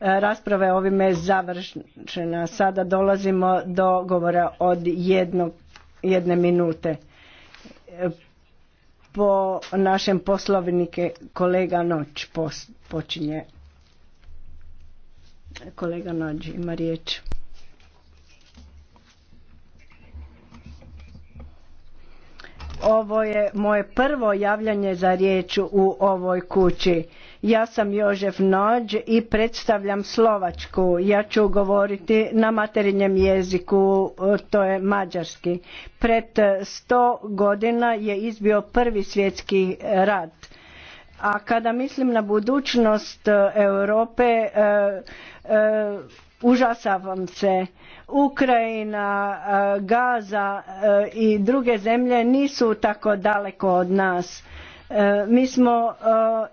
Rasprava je ovime završena. Sada dolazimo do govora od jednog, jedne minute. Po našem poslovnike kolega Noć počinje. Kolega Noć ima riječ. Ovo je moje prvo javljanje za riječ u ovoj kući ja sam Jožef Nođ i predstavljam Slovačku. Ja ću govoriti na materinjem jeziku, e, to je mađarski. Pred e, sto godina je izbio prvi svjetski rat. A kada mislim na budućnost e, Europe, užasavam se. Ukrajina, Gaza i druge zemlje nisu tako daleko od nas E, mi smo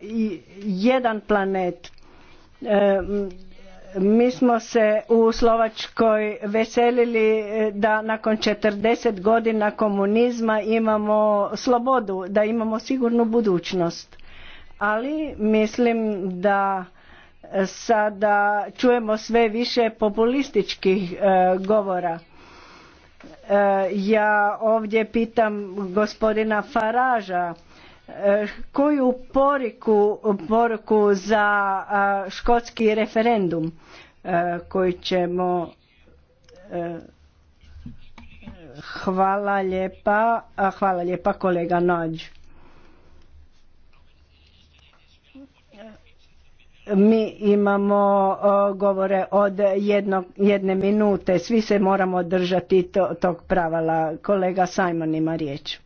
e, jedan planet. E, mi smo se u Slovačkoj veselili da nakon 40 godina komunizma imamo slobodu, da imamo sigurnu budućnost. Ali mislim da sada čujemo sve više populističkih govora. ja ovdje pitam gospodina Faraža E, koju poriku, poruku za škotski referendum e, koji ćemo e, hvala lijepa hvala lijepa kolega Nođ. mi imamo govore od jedne minute svi se moramo držati tog pravila kolega Simon ima riječ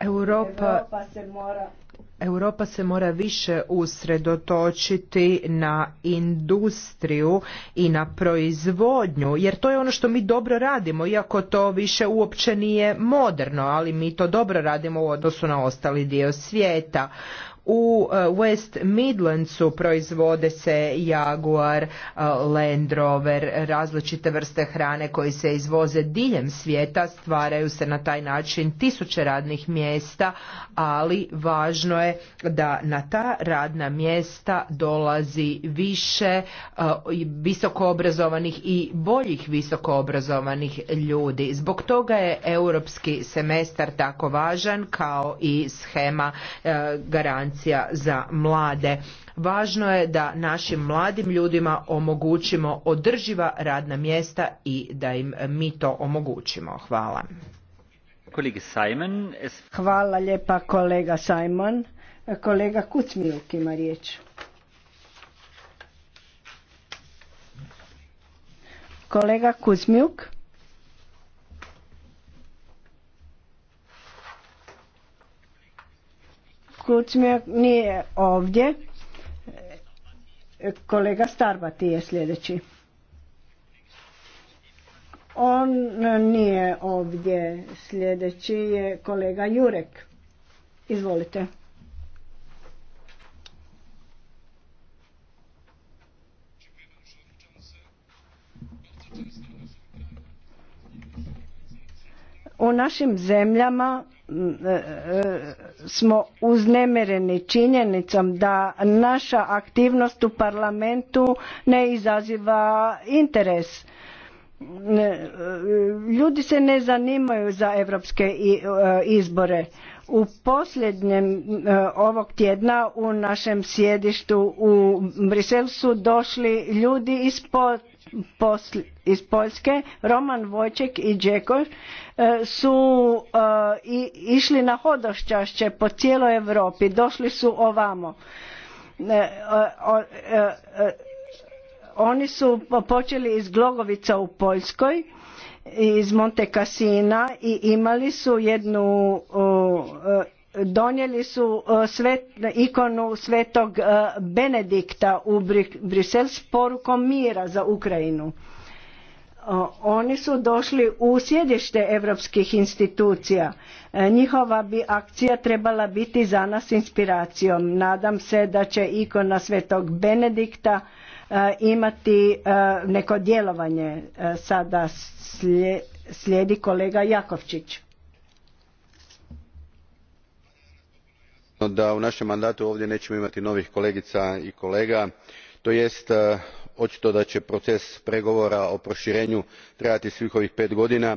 Europa, se mora se mora više usredotočiti na industriju i na proizvodnju, jer to je ono što mi dobro radimo, iako to više uopće nije moderno, ali mi to dobro radimo u odnosu na ostali dio svijeta. U e, West Midlandsu proizvode se Jaguar, e, Land Rover, različite vrste hrane koji se izvoze diljem svijeta, stvaraju se na taj način tisuće radnih mjesta, ali važno je da na ta radna mjesta dolazi više e, visokoobrazovanih i boljih visokoobrazovanih ljudi. Zbog toga je europski semestar tako važan kao i schema garancije za mlade. Važno je da našim mladim ljudima omogućimo održiva radna mjesta i da im mi to omogućimo. Hvala. Simon Hvala lijepa kolega Simon. Kolega Kucmijuk ima riječ. Kolega kuzmjuk. Kucmijak nije ovdje. Kolega Starbati je sljedeći. On nije ovdje. Sljedeći je kolega Jurek. Izvolite. U našim zemljama smo uznemireni činjenicom da naša aktivnost u parlamentu ne izaziva interes. Ljudi se ne zanimaju za europske e, izbore. U posljednjem e, ovog tjedna u našem sjedištu u Briselu došli ljudi iz, iz Poljske, Roman Vojček i Đeko e, su e, išli na hodošćašće po cijeloj Europi, došli su ovamo. oni su počeli iz Glogovica u Poljskoj iz Monte Cassina i imali su jednu e, donijeli su e, svet, ikonu svetog e, Benedikta u Brisel s porukom mira za Ukrajinu. Oni su došli u sjedište europskih institucija. Njihova bi akcija trebala biti za nas inspiracijom. Nadam se da će ikona svetog Benedikta imati e, neko djelovanje. E, sada slijedi kolega Jakovčić. Da u našem mandatu ovdje nećemo imati novih kolegica i kolega, to jest e, očito da će proces pregovora o proširenju trajati svih ovih pet godina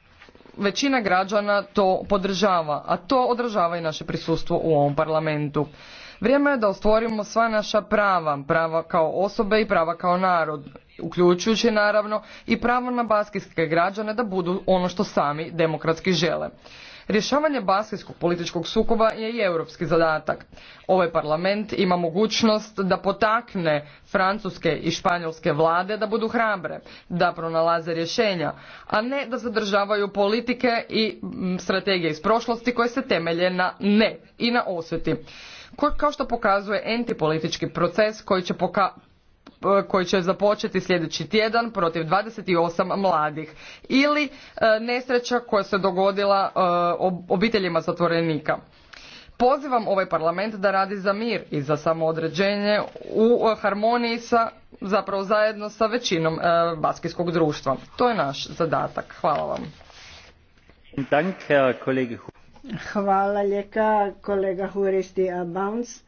većina građana to podržava, a to održava i naše prisustvo u ovom parlamentu. Vrijeme je da ostvorimo sva naša prava, prava kao osobe i prava kao narod, uključujući naravno i pravo na baskijske građane da budu ono što sami demokratski žele. Rješavanje baskijskog političkog sukoba je i europski zadatak. Ovaj parlament ima mogućnost da potakne francuske i španjolske vlade da budu hrabre, da pronalaze rješenja, a ne da zadržavaju politike i strategije iz prošlosti koje se temelje na ne i na osveti. Kao što pokazuje antipolitički proces koji će koji će započeti sljedeći tjedan protiv 28 mladih ili e, nesreća koja se dogodila e, obiteljima zatvorenika. Pozivam ovaj parlament da radi za mir i za samoodređenje u e, harmoniji sa, zapravo zajedno sa većinom baskijskog društva. To je naš zadatak. Hvala vam. Hvala ljeka kolega Huristi Abans,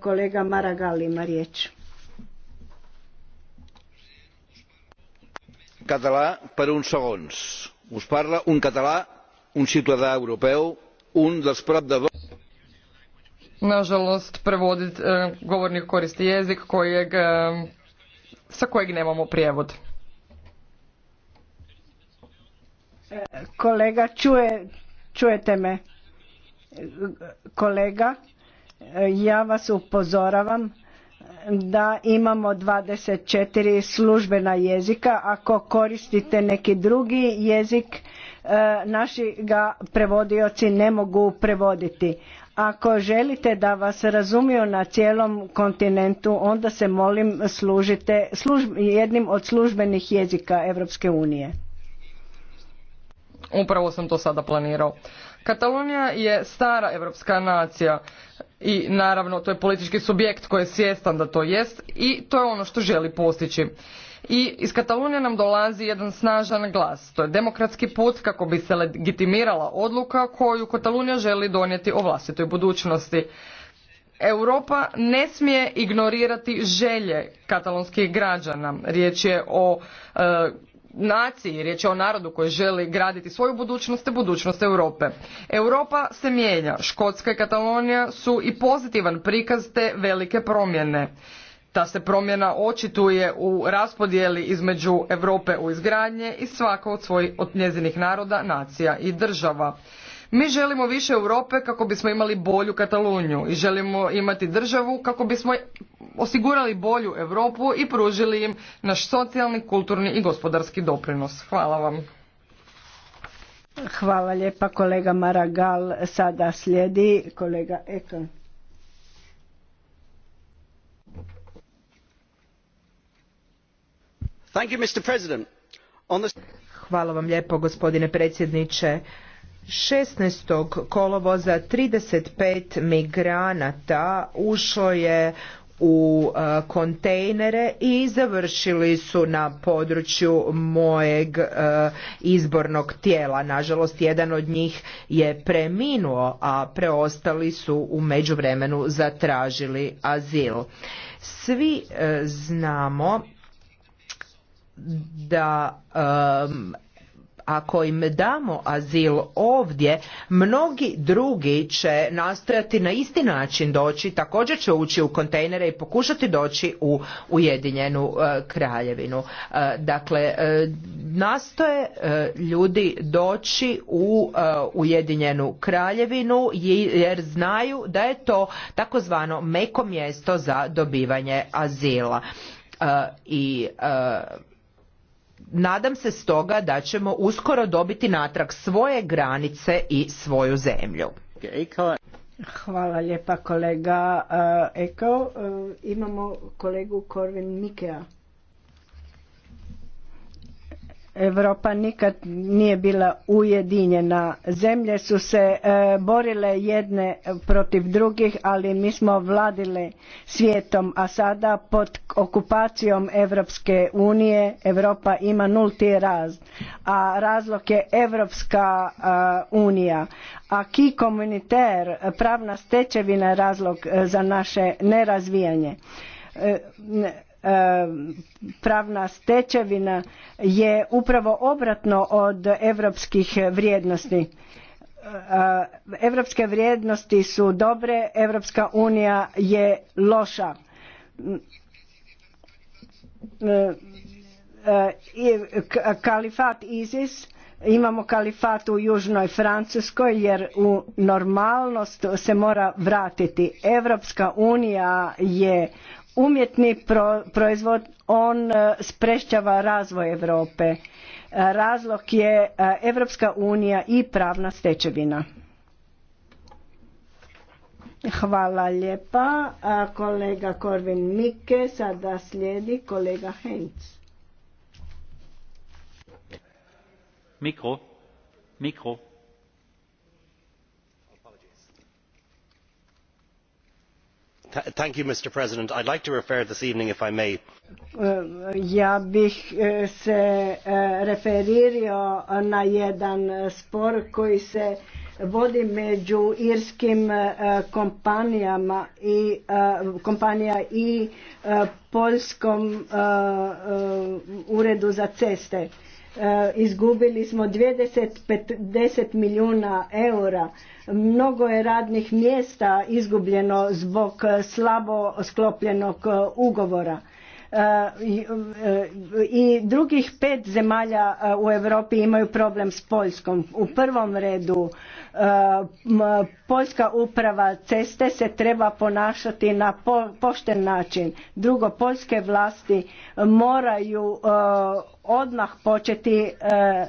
Kolega Maragal ima riječ. català per uns segons us parla un català un ciutadà europeu un dels prop de Nažalost, prevodit, eh, govornik koristi jezik kojeg, eh, sa kojeg nemamo prijevod. Kolega, čuje, čujete me? Kolega, ja vas upozoravam da imamo 24 službena jezika. Ako koristite neki drugi jezik, e, naši ga prevodioci ne mogu prevoditi. Ako želite da vas razumiju na cijelom kontinentu, onda se molim služite jednim od službenih jezika Europske unije. Upravo sam to sada planirao. Katalonija je stara europska nacija i naravno to je politički subjekt koji je svjestan da to jest i to je ono što želi postići. I iz Katalonije nam dolazi jedan snažan glas. To je demokratski put kako bi se legitimirala odluka koju Katalonija želi donijeti o vlastitoj budućnosti. Europa ne smije ignorirati želje katalonskih građana. Riječ je o e, naciji, riječ je o narodu koji želi graditi svoju budućnost i budućnost Europe. Europa se mijenja, Škotska i Katalonija su i pozitivan prikaz te velike promjene. Ta se promjena očituje u raspodjeli između Europe u izgradnje i svako od svojih od njezinih naroda, nacija i država. Mi želimo više Europe kako bismo imali bolju Kataluniju i želimo imati državu kako bismo osigurali bolju Europu i pružili im naš socijalni, kulturni i gospodarski doprinos. Hvala vam. Hvala lijepa kolega Maragal. Sada slijedi kolega Eka. Thank Hvala vam lijepo gospodine predsjedniče 16. kolovoza 35 migranata ušlo je u e, kontejnere i završili su na području mojeg e, izbornog tijela. Nažalost, jedan od njih je preminuo, a preostali su u međuvremenu zatražili azil. Svi e, znamo da ako im damo azil ovdje, mnogi drugi će nastojati na isti način doći, također će ući u kontejnere i pokušati doći u Ujedinjenu e, kraljevinu. E, dakle, e, nastoje ljudi doći u Ujedinjenu kraljevinu jer znaju da je to takozvano meko mjesto za dobivanje azila i nadam se stoga da ćemo uskoro dobiti natrag svoje granice i svoju zemlju. Hvala lijepa kolega Eko. Eh, eh, imamo kolegu Korvin Mikea. Europa nikad nije bila ujedinjena. Zemlje su se e, borile jedne protiv drugih, ali mi smo vladili svijetom, a sada pod okupacijom Europske unije Europa ima nulti raz, a razlog je Europska e, unija. A ki komuniter, pravna stečevina je razlog e, za naše nerazvijanje pravna stečevina je upravo obratno od europskih vrijednosti. Europske vrijednosti su dobre, Europska unija je loša. E, e, kalifat ISIS, imamo kalifat u Južnoj Francuskoj jer u normalnost se mora vratiti. Europska unija je umjetni proizvod on e, sprešćava razvoj Europe. E, razlog je Europska unija i pravna stečevina. Hvala lijepa. Kolega Korvin Mike, sada slijedi kolega Heinz. Mikro, mikro. ja bih eh, se eh, referirao na jedan spor koji se vodi među irskim eh, kompanijama i kompanija i poljskom uredu za ceste E, izgubili smo 20 milijuna eura. Mnogo je radnih mjesta izgubljeno zbog slabo sklopljenog e, ugovora. E, I drugih pet zemalja u Europi imaju problem s Poljskom. U prvom redu Poljska uprava ceste se treba ponašati na pošten način. Drugo, poljske vlasti moraju odmah početi e, e,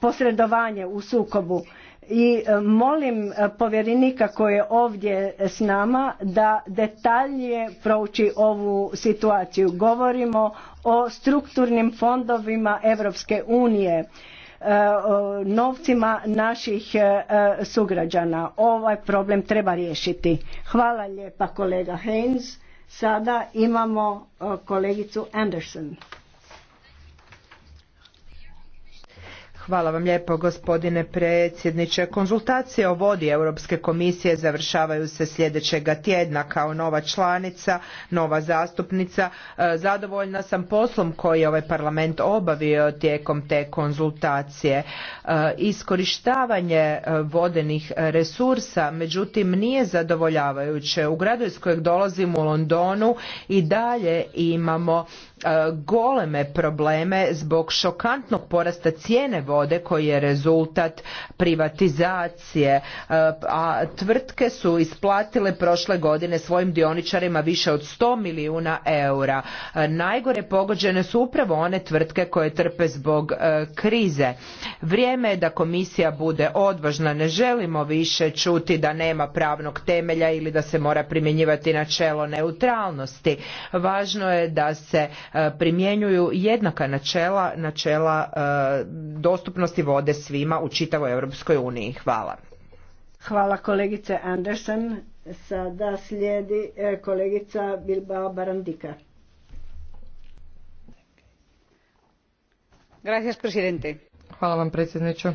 posredovanje u sukobu i e, molim povjerenika koji je ovdje s nama da detaljnije prouči ovu situaciju. Govorimo o strukturnim fondovima Europske unije, novcima naših sugrađana. Ovaj problem treba riješiti. Hvala lijepa kolega Haynes. Sada imamo kolegicu Anderson. Hvala vam lijepo gospodine predsjedniče. Konzultacije o vodi Europske komisije završavaju se sljedećega tjedna kao nova članica, nova zastupnica. E, zadovoljna sam poslom koji je ovaj parlament obavio tijekom te konzultacije. E, iskorištavanje e, vodenih resursa međutim nije zadovoljavajuće. U gradu iz kojeg dolazim u Londonu i dalje imamo E, goleme probleme zbog šokantnog porasta cijene vode koji je rezultat privatizacije, e, a tvrtke su isplatile prošle godine svojim dioničarima više od 100 milijuna eura. E, najgore pogođene su upravo one tvrtke koje trpe zbog krize. Vrijeme je da komisija bude odvažna, ne želimo više čuti da nema pravnog temelja ili da se mora primjenjivati načelo neutralnosti. Važno je da se E, primjenjuju jednaka načela, načela e, dostupnosti vode svima u čitavoj Europskoj uniji. Hvala. Hvala kolegice Andersen. Sada slijedi e, kolegica Bilbao Barandika. Gracias, presidente. Hvala vam predsjedniče.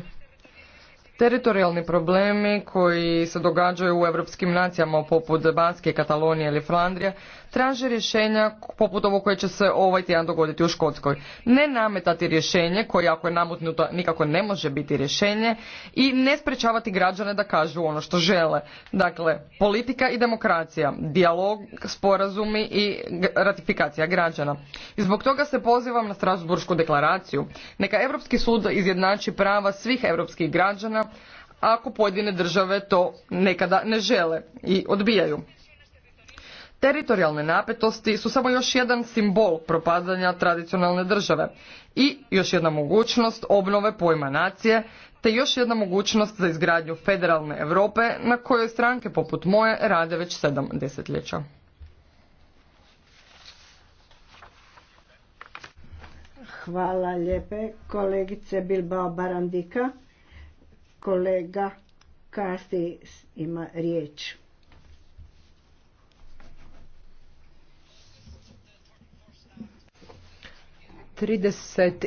Teritorijalni problemi koji se događaju u europskim nacijama poput Banske, Katalonije ili Flandrije traže rješenja poput ovo koje će se ovaj tjedan dogoditi u Škotskoj. Ne nametati rješenje koje ako je namutnuto nikako ne može biti rješenje i ne sprečavati građane da kažu ono što žele. Dakle, politika i demokracija, dijalog, sporazumi i ratifikacija građana. I zbog toga se pozivam na Strasbursku deklaraciju. Neka Europski sud izjednači prava svih europskih građana ako pojedine države to nekada ne žele i odbijaju. Teritorijalne napetosti su samo još jedan simbol propadanja tradicionalne države i još jedna mogućnost obnove pojma nacije te još jedna mogućnost za izgradnju federalne Europe na kojoj stranke poput moje rade već sedam desetljeća. Hvala lijepe kolegice Bilbao Barandika. Kolega Kasi ima riječ. trideset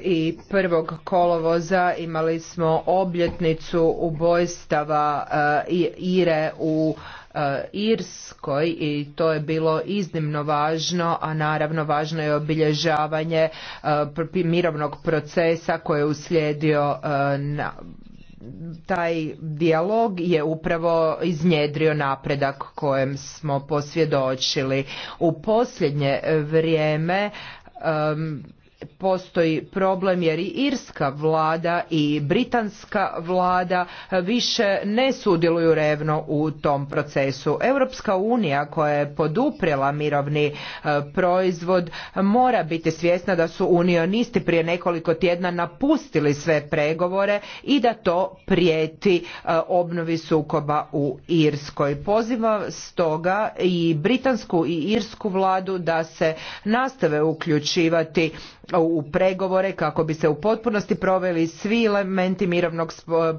jedan kolovoza imali smo obljetnicu ubojstava e, ire u e, Irskoj i to je bilo iznimno važno, a naravno važno je obilježavanje e, mirovnog procesa koje je uslijedio na taj dijalog je upravo iznjedrio napredak kojem smo posvjedočili. U posljednje vrijeme postoji problem jer i irska vlada i britanska vlada više ne sudjeluju revno u tom procesu. Europska unija koja je poduprela mirovni e, proizvod mora biti svjesna da su unionisti prije nekoliko tjedna napustili sve pregovore i da to prijeti e, obnovi sukoba u Irskoj. Pozivam stoga i britansku i irsku vladu da se nastave uključivati u u pregovore kako bi se u potpunosti proveli svi elementi mirovnog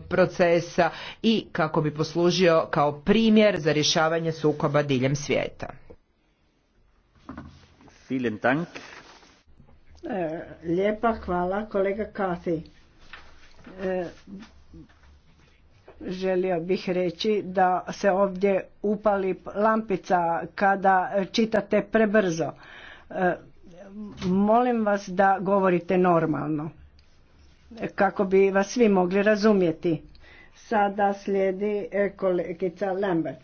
procesa i kako bi poslužio kao primjer za rješavanje sukoba diljem svijeta. E, lijepa hvala kolega Kati. E, želio bih reći da se ovdje upali lampica kada čitate prebrzo e, molim vas da govorite normalno kako bi vas svi mogli razumjeti. Sada slijedi e, kolegica Lambert.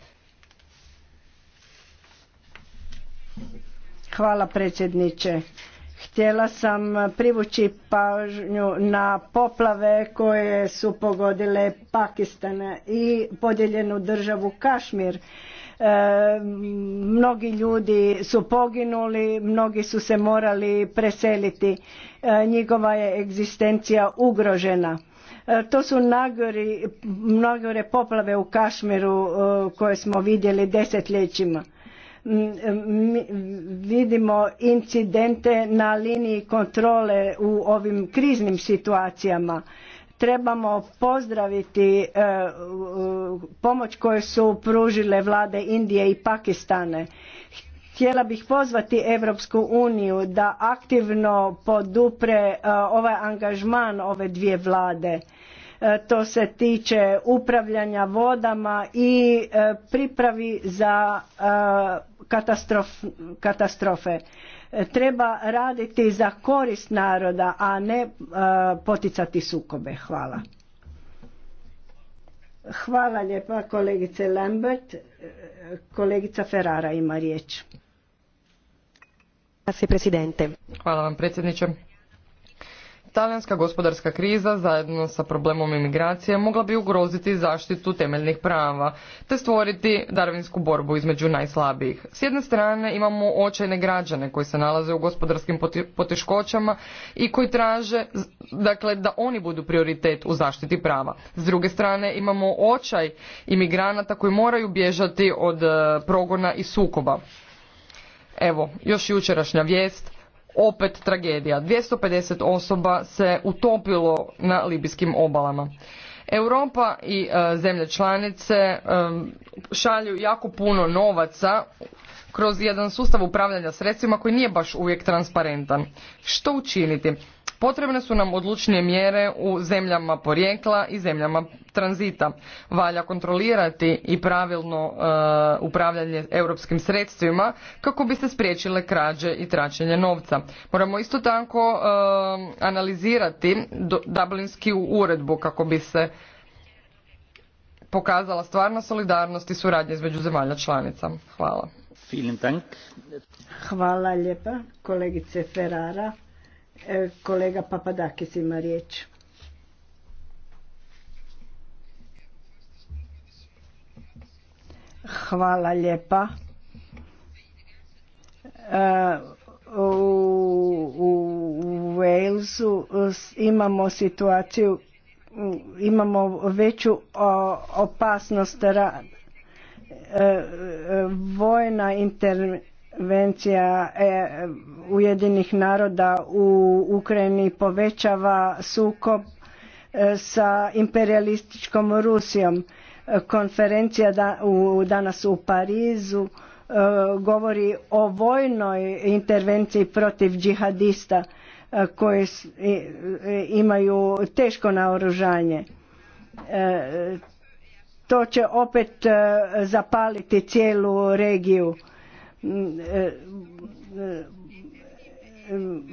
Hvala predsjedniče. Htjela sam privući pažnju na poplave koje su pogodile Pakistana i podijeljenu državu Kašmir E, mnogi ljudi su poginuli, mnogi su se morali preseliti, e, njihova je egzistencija ugrožena. E, to su nagori, nagore poplave u Kašmiru koje smo vidjeli desetljećima. vidimo incidente na liniji kontrole u ovim kriznim situacijama Trebamo pozdraviti e, pomoć koju su pružile vlade Indije i Pakistane. Htjela bih pozvati Europsku uniju da aktivno podupre e, ovaj angažman ove dvije vlade e, to se tiče upravljanja vodama i pripravi za katastrofe. Treba raditi za korist naroda, a ne e, poticati sukobe. Hvala. Hvala lijepa kolegice Lambert. E, kolegica Ferrara ima riječ. Hvala vam predsjedniče. Talijanska gospodarska kriza zajedno sa problemom imigracije mogla bi ugroziti zaštitu temeljnih prava te stvoriti darvinsku borbu između najslabijih. S jedne strane imamo očajne građane koji se nalaze u gospodarskim poteškoćama i koji traže dakle, da oni budu prioritet u zaštiti prava. S druge strane imamo očaj imigranata koji moraju bježati od eh, progona i sukoba. Evo, još jučerašnja vijest opet tragedija. 250 osoba se utopilo na libijskim obalama. Europa i e, zemlje članice e, šalju jako puno novaca kroz jedan sustav upravljanja sredstvima koji nije baš uvijek transparentan. Što učiniti? Potrebne su nam odlučnije mjere u zemljama porijekla i zemljama tranzita. Valja kontrolirati i pravilno e, upravljanje europskim sredstvima kako bi se spriječile krađe i tračenje novca. Moramo isto tako e, analizirati dublinski uredbu kako bi se pokazala stvarna solidarnost i suradnja između zemalja članica. Hvala. Hvala lijepa kolegice Ferrara. E, kolega Papadakis ima riječ. Hvala lijepa. E, u, u Walesu e, imamo situaciju, imamo veću opasnost vojna intern intervencija e, Ujedinih naroda u Ukrajini povećava sukob e, sa imperialističkom Rusijom. Konferencija danas u Parizu e, govori o vojnoj intervenciji protiv džihadista koji imaju teško naoružanje. To će opet zapaliti cijelu regiju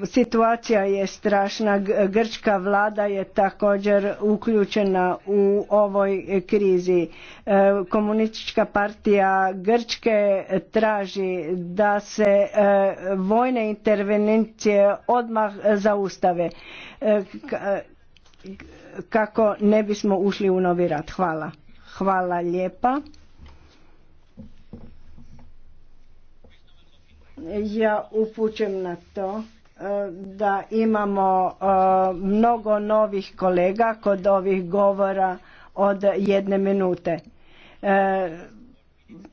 situacija je strašna grčka vlada je također uključena u ovoj krizi e, komunistička partija grčke traži da se e, vojne intervencije odmah zaustave e, kako ne bismo ušli u novi rat hvala hvala lijepa Ja upućem na to e, da imamo e, mnogo novih kolega kod ovih govora od jedne minute. E,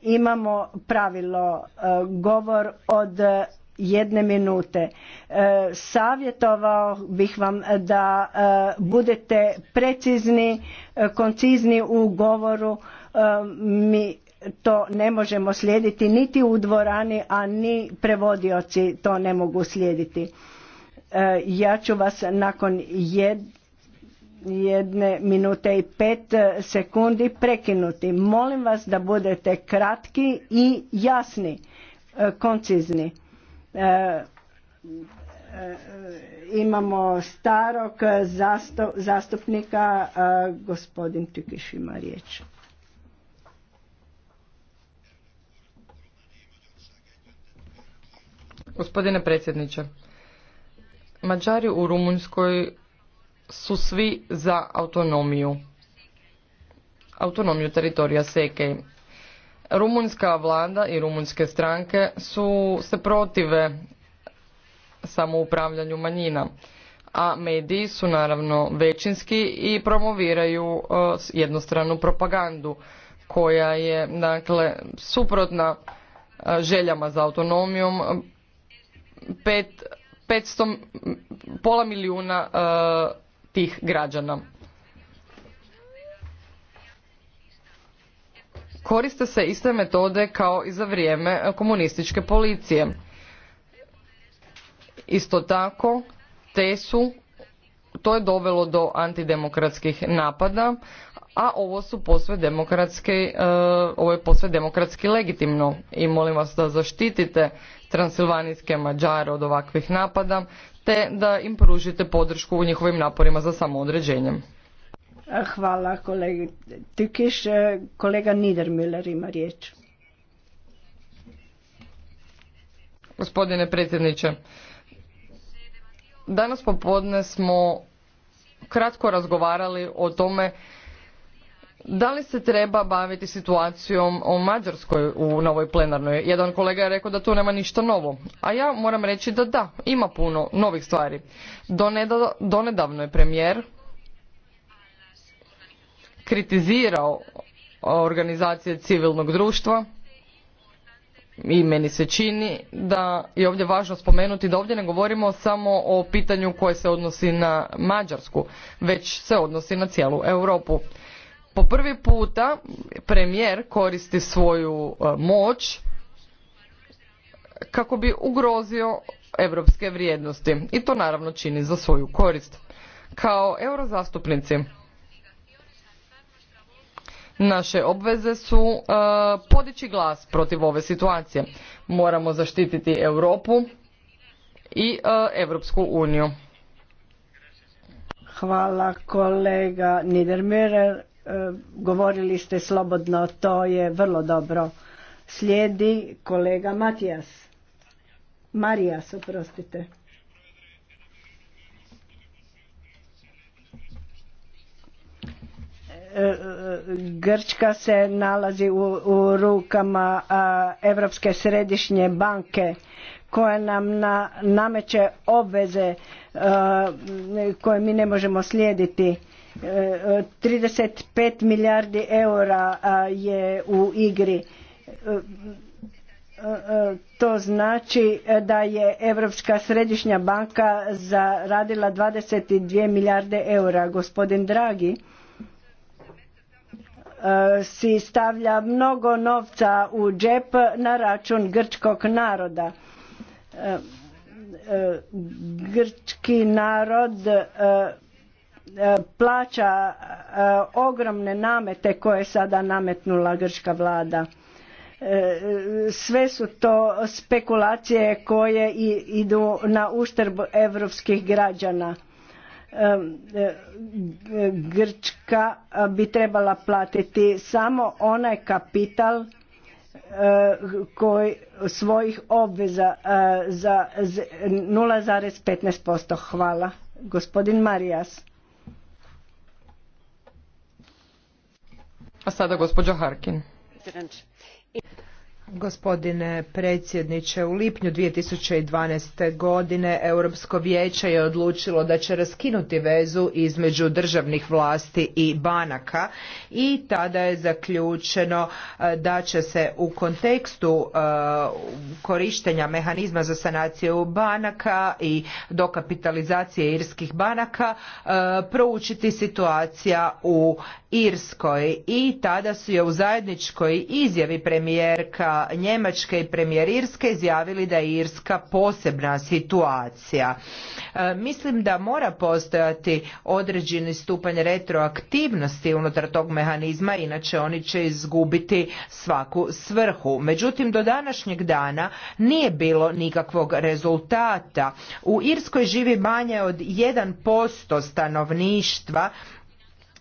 imamo pravilo govor od jedne minute. Savjetovao bih vam da budete precizni, koncizni u govoru. Mi to ne možemo slijediti niti u dvorani, a ni prevodioci to ne mogu slijediti. E, ja ću vas nakon jedne minute i pet e, sekundi prekinuti. Molim vas da budete kratki i jasni, e, koncizni. Imamo starog zastupnika, gospodin Tukiš ima riječ. Gospodine predsjedniče, Mađari u Rumunjskoj su svi za autonomiju. Autonomiju teritorija Sekej. Rumunjska vlada i rumunjske stranke su se protive samoupravljanju manjina, a mediji su naravno većinski i promoviraju e, jednostranu propagandu koja je dakle suprotna e, željama za autonomijom pet, pola milijuna e, tih građana. Koriste se iste metode kao i za vrijeme e, komunističke policije. Isto tako, te su, to je dovelo do antidemokratskih napada, a ovo su posve demokratski, e, ovo je posve demokratski legitimno i molim vas da zaštitite transilvanijske mađare od ovakvih napada, te da im pružite podršku u njihovim naporima za samoodređenjem. Hvala kolegi Tikiš. Kolega Niedermüller ima riječ. Gospodine predsjedniče, danas popodne smo kratko razgovarali o tome da li se treba baviti situacijom o Mađarskoj u novoj plenarnoj? Jedan kolega je rekao da tu nema ništa novo. A ja moram reći da da, ima puno novih stvari. Donedavno je premijer kritizirao organizacije civilnog društva i meni se čini da je ovdje važno spomenuti da ovdje ne govorimo samo o pitanju koje se odnosi na Mađarsku, već se odnosi na cijelu Europu po prvi puta premijer koristi svoju e, moć kako bi ugrozio europske vrijednosti i to naravno čini za svoju korist. Kao eurozastupnici naše obveze su e, podići glas protiv ove situacije. Moramo zaštititi Europu i e, Evropsku Europsku uniju. Hvala kolega Niedermeyer govorili ste slobodno, to je vrlo dobro. Slijedi kolega Matijas. Marijas, oprostite. E, e, Grčka se nalazi u, rukama Europske središnje banke koja nam na, nameće obveze e, koje mi ne možemo slijediti 35 milijardi eura je u igri. E, e, e, to znači da je Europska središnja banka zaradila 22 milijarde eura. Gospodin Dragi si stavlja mnogo novca u džep na račun grčkog naroda grčki narod E, plaća e, ogromne namete koje je sada nametnula grčka vlada. E, sve su to spekulacije koje idu na uštrb europskih građana. Grčka bi trebala platiti samo onaj kapital koji svojih obveza za 0,15%. Hvala. Gospodin Marijas. A sada gospođa Harkin. Gospodine predsjedniče, u lipnju 2012. godine Europsko vijeće je odlučilo da će raskinuti vezu između državnih vlasti i banaka i tada je zaključeno e, da će se u kontekstu e, korištenja mehanizma za sanaciju banaka i dokapitalizacije irskih banaka e, proučiti situacija u Irskoj i tada su je u zajedničkoj izjavi premijerka Njemačke i premijer Irske izjavili da je Irska posebna situacija. E, mislim da mora postojati određeni stupanj retroaktivnosti unutar tog mehanizma, inače oni će izgubiti svaku svrhu. Međutim, do današnjeg dana nije bilo nikakvog rezultata. U Irskoj živi manje od 1% stanovništva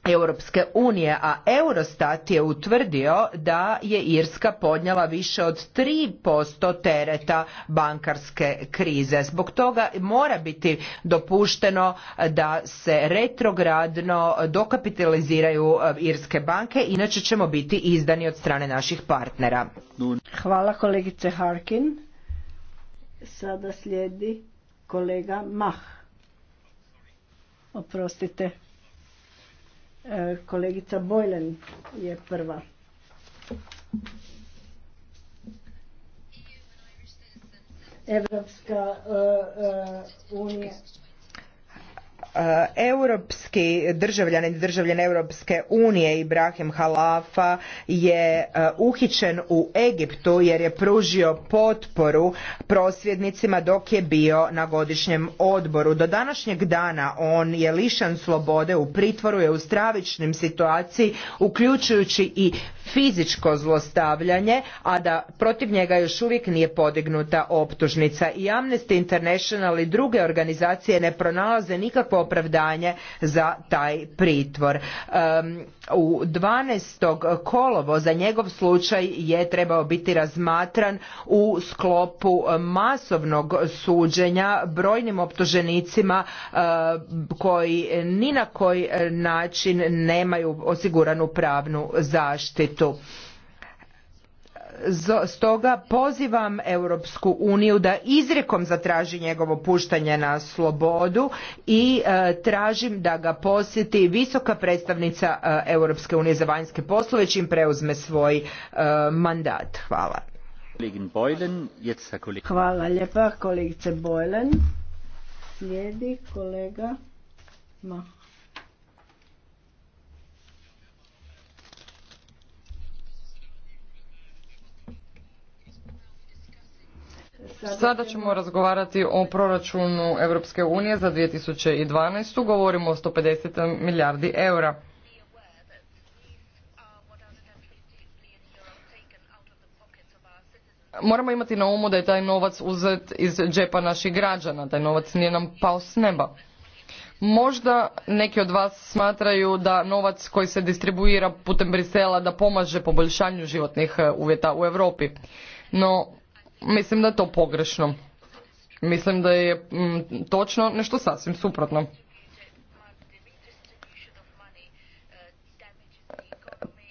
Europske unije, a Eurostat je utvrdio da je Irska podnjela više od 3% tereta bankarske krize. Zbog toga mora biti dopušteno da se retrogradno dokapitaliziraju e, irske banke, inače ćemo biti izdani od strane naših partnera. Hvala kolegice Harkin. Sada slijedi kolega Mah. Oprostite. E, kolegica Bojlen je prva. Evropska uh, uh, unija E, europski državljanin državljane Europske unije Ibrahim Halafa je e, uhićen u Egiptu jer je pružio potporu prosvjednicima dok je bio na godišnjem odboru. Do današnjeg dana on je lišan slobode u pritvoru je u stravičnim situaciji uključujući i fizičko zlostavljanje, a da protiv njega još uvijek nije podignuta optužnica. I Amnesty International i druge organizacije ne pronalaze nikakvo opravdanje za taj pritvor. u 12. kolovo za njegov slučaj je trebao biti razmatran u sklopu masovnog suđenja brojnim optuženicima koji ni na koji način nemaju osiguranu pravnu zaštitu Stoga pozivam Europsku uniju da izrekom zatraži njegovo puštanje na slobodu i e, tražim da ga posjeti visoka predstavnica e, Europske unije za vanjske poslove čim preuzme svoj e, mandat. Hvala. Hvala lijepa kolegice Bojlen. Slijedi kolega Sada ćemo razgovarati o proračunu Europske unije za 2012. Govorimo o 150 milijardi eura. Moramo imati na umu da je taj novac uzet iz džepa naših građana. Taj novac nije nam pao s neba. Možda neki od vas smatraju da novac koji se distribuira putem Brisela da pomaže poboljšanju životnih eh, uvjeta u Europi. No, Mislim da je to pogrešno. Mislim da je mm, točno nešto sasvim suprotno.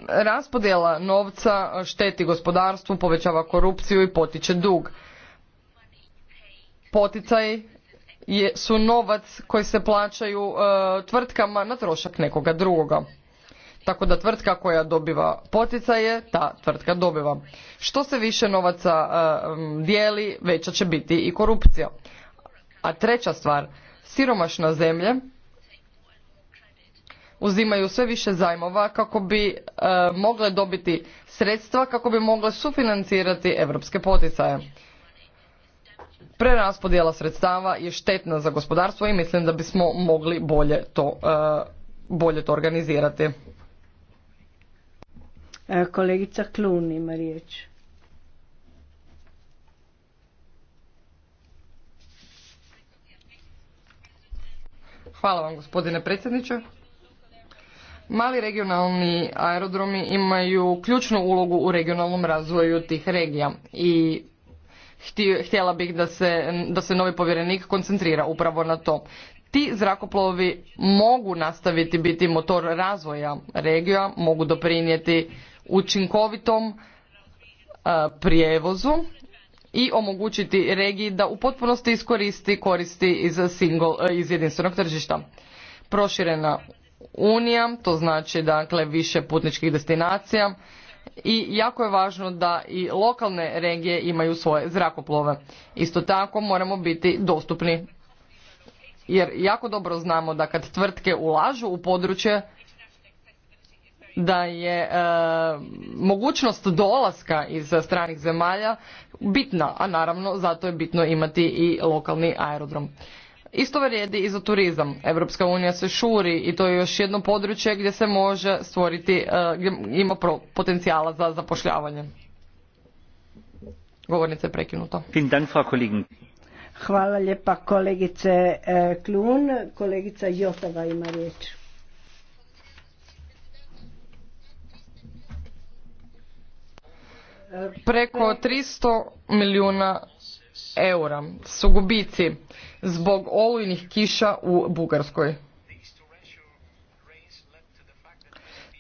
Raspodjela novca šteti gospodarstvu, povećava korupciju i potiče dug. Poticaj je, su novac koji se plaćaju e, tvrtkama na trošak nekoga drugoga. Tako da tvrtka koja dobiva poticaje, ta tvrtka dobiva. Što se više novaca e, dijeli, veća će biti i korupcija. A treća stvar, siromašna zemlje uzimaju sve više zajmova kako bi e, mogle dobiti sredstva kako bi mogle sufinancirati europske poticaje. Preraspodjela sredstava je štetna za gospodarstvo i mislim da bismo mogli bolje to, e, bolje to organizirati. E, kolegica Klun ima riječ. Hvala vam gospodine predsjedniče. Mali regionalni aerodromi imaju ključnu ulogu u regionalnom razvoju tih regija i htjela bih da se, da se novi povjerenik koncentrira upravo na to. Ti zrakoplovi mogu nastaviti biti motor razvoja regija, mogu doprinijeti učinkovitom e, prijevozu i omogućiti regiji da u potpunosti iskoristi koristi iz, single, e, iz jedinstvenog tržišta. Proširena unija, to znači dakle više putničkih destinacija i jako je važno da i lokalne regije imaju svoje zrakoplove. Isto tako moramo biti dostupni jer jako dobro znamo da kad tvrtke ulažu u područje da je e, mogućnost dolaska iz stranih zemalja bitna, a naravno zato je bitno imati i lokalni aerodrom. Isto vrijedi i za turizam. Europska unija se šuri i to je još jedno područje gdje se može stvoriti, e, gdje ima potencijala za zapošljavanje. Govornica je prekinuta. Hvala lijepa kolegice e, Klun, Kolegica Jotava ima riječ. Preko 300 milijuna eura su gubici zbog olujnih kiša u Bugarskoj.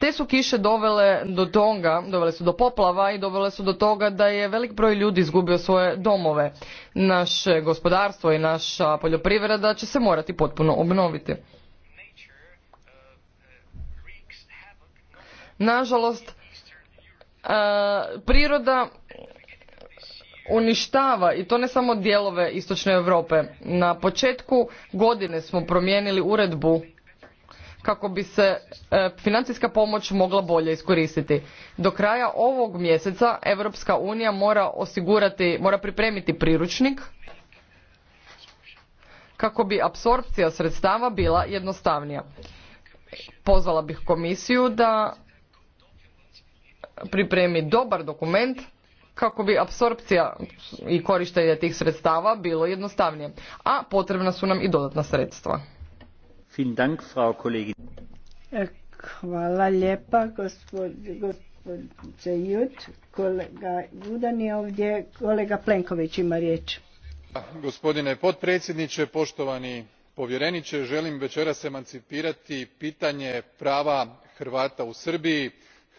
Te su kiše dovele do toga, dovele su do poplava i dovele su do toga da je velik broj ljudi izgubio svoje domove. Naše gospodarstvo i naša poljoprivreda će se morati potpuno obnoviti. Nažalost, E, priroda uništava i to ne samo dijelove istočne Europe. Na početku godine smo promijenili uredbu kako bi se e, financijska pomoć mogla bolje iskoristiti. Do kraja ovog mjeseca Europska unija mora osigurati, mora pripremiti priručnik kako bi apsorpcija sredstava bila jednostavnija. Pozvala bih komisiju da pripremi dobar dokument kako bi apsorpcija i korištenje tih sredstava bilo jednostavnije. A potrebna su nam i dodatna sredstva. E, hvala lijepa, Jut. Kolega Gudan ovdje, kolega Plenković ima riječ. Gospodine potpredsjedniče, poštovani povjereniče, želim večeras emancipirati pitanje prava Hrvata u Srbiji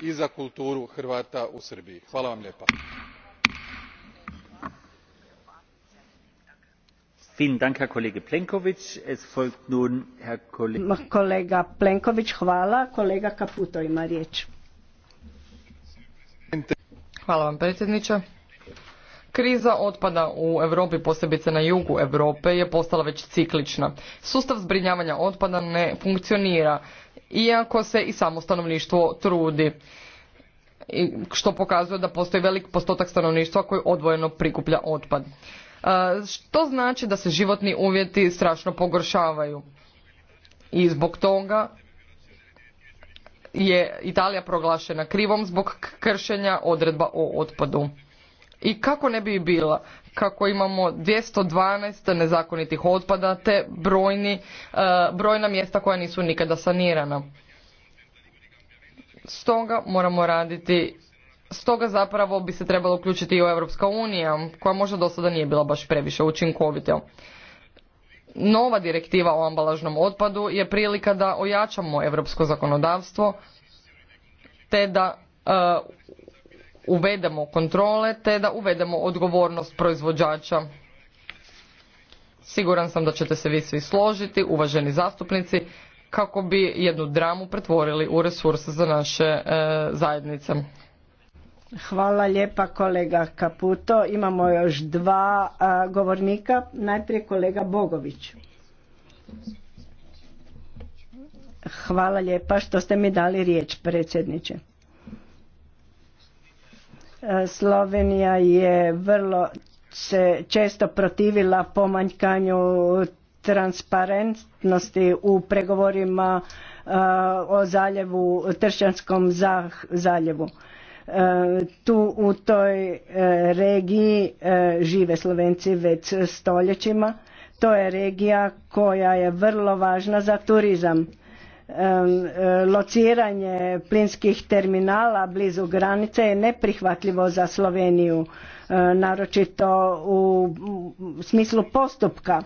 i za kulturu hrvata u srbiji. hvala vam lijepa. Kolega Plenković, hvala. Kolega Caputo ima riječ. Hvala vam predsjedniče. Kriza otpada u Europi, posebice na jugu Europe, je postala već ciklična. Sustav zbrinjavanja otpada ne funkcionira, iako se i samo stanovništvo trudi što pokazuje da postoji velik postotak stanovništva koji odvojeno prikuplja otpad. E, što znači da se životni uvjeti strašno pogoršavaju i zbog toga je Italija proglašena krivom zbog kršenja odredba o otpadu. I kako ne bi bila, kako imamo 212 nezakonitih otpada te brojni, e, brojna mjesta koja nisu nikada sanirana. Stoga moramo raditi Stoga zapravo bi se trebalo uključiti i u Europska unija, koja možda do sada nije bila baš previše učinkovita. Nova direktiva o ambalažnom otpadu je prilika da ojačamo europsko zakonodavstvo, te da e, uvedemo kontrole te da uvedemo odgovornost proizvođača. Siguran sam da ćete se vi svi složiti, uvaženi zastupnici, kako bi jednu dramu pretvorili u resurse za naše e, zajednice. Hvala lijepa kolega Kaputo. Imamo još dva govornika. Najprije kolega Bogović. Hvala lijepa što ste mi dali riječ, predsjedniče. E, Slovenija je vrlo se često protivila pomanjkanju transparentnosti u pregovorima e, o zaljevu, Tršćanskom zaljevu. E, tu u toj regiji žive Slovenci već stoljećima. To je regija koja je vrlo važna za turizam E, lociranje plinskih terminala blizu granice je neprihvatljivo za Sloveniju, e, naročito u smislu postupka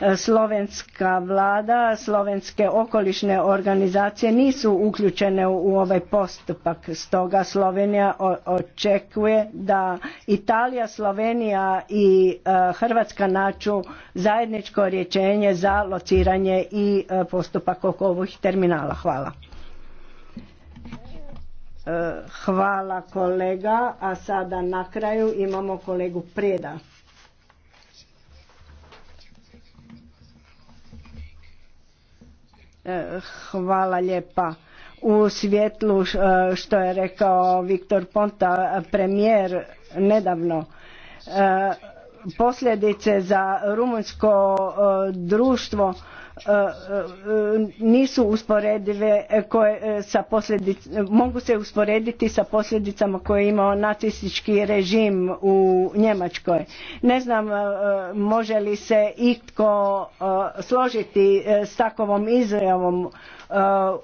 E, slovenska vlada, slovenske okolišne organizacije nisu uključene u ovaj postupak. Stoga Slovenija očekuje da Italija, Slovenija i e, Hrvatska nađu zajedničko rješenje za lociranje i e, postupak oko ovih terminala. Hvala. Hvala kolega, a sada na kraju imamo kolegu Preda. E, hvala lijepa. U svjetlu e, što je rekao Viktor Ponta, premijer nedavno, e, posljedice za rumunjsko društvo E, e, nisu usporedive e, koje mogu se usporediti sa posljedicama koje je imao nacistički režim u Njemačkoj. Ne znam može li se itko složiti s takovom izjavom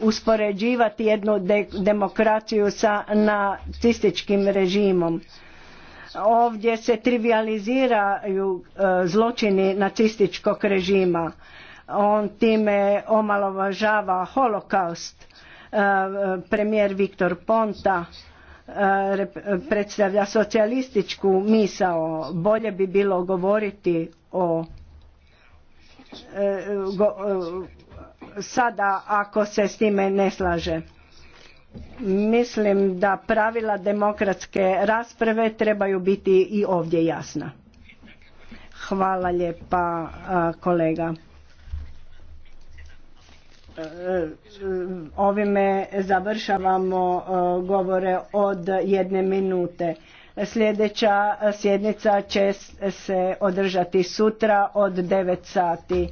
uspoređivati jednu demokraciju sa nacističkim režimom ovdje se trivializiraju zločini nacističkog režima on time omalovažava holokaust. E, premijer Viktor Ponta e, predstavlja socijalističku misao. Bolje bi bilo govoriti o e, sada ako se s time ne slaže. Mislim da pravila demokratske rasprave trebaju biti i ovdje jasna. Hvala lijepa kolega. Eh, eh, ovime završavamo eh, govore od jedne minute. Sljedeća sjednica će se održati sutra od 9 sati.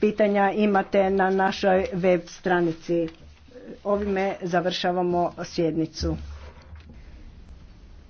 Pitanja imate na našoj web stranici. Ovime završavamo sjednicu.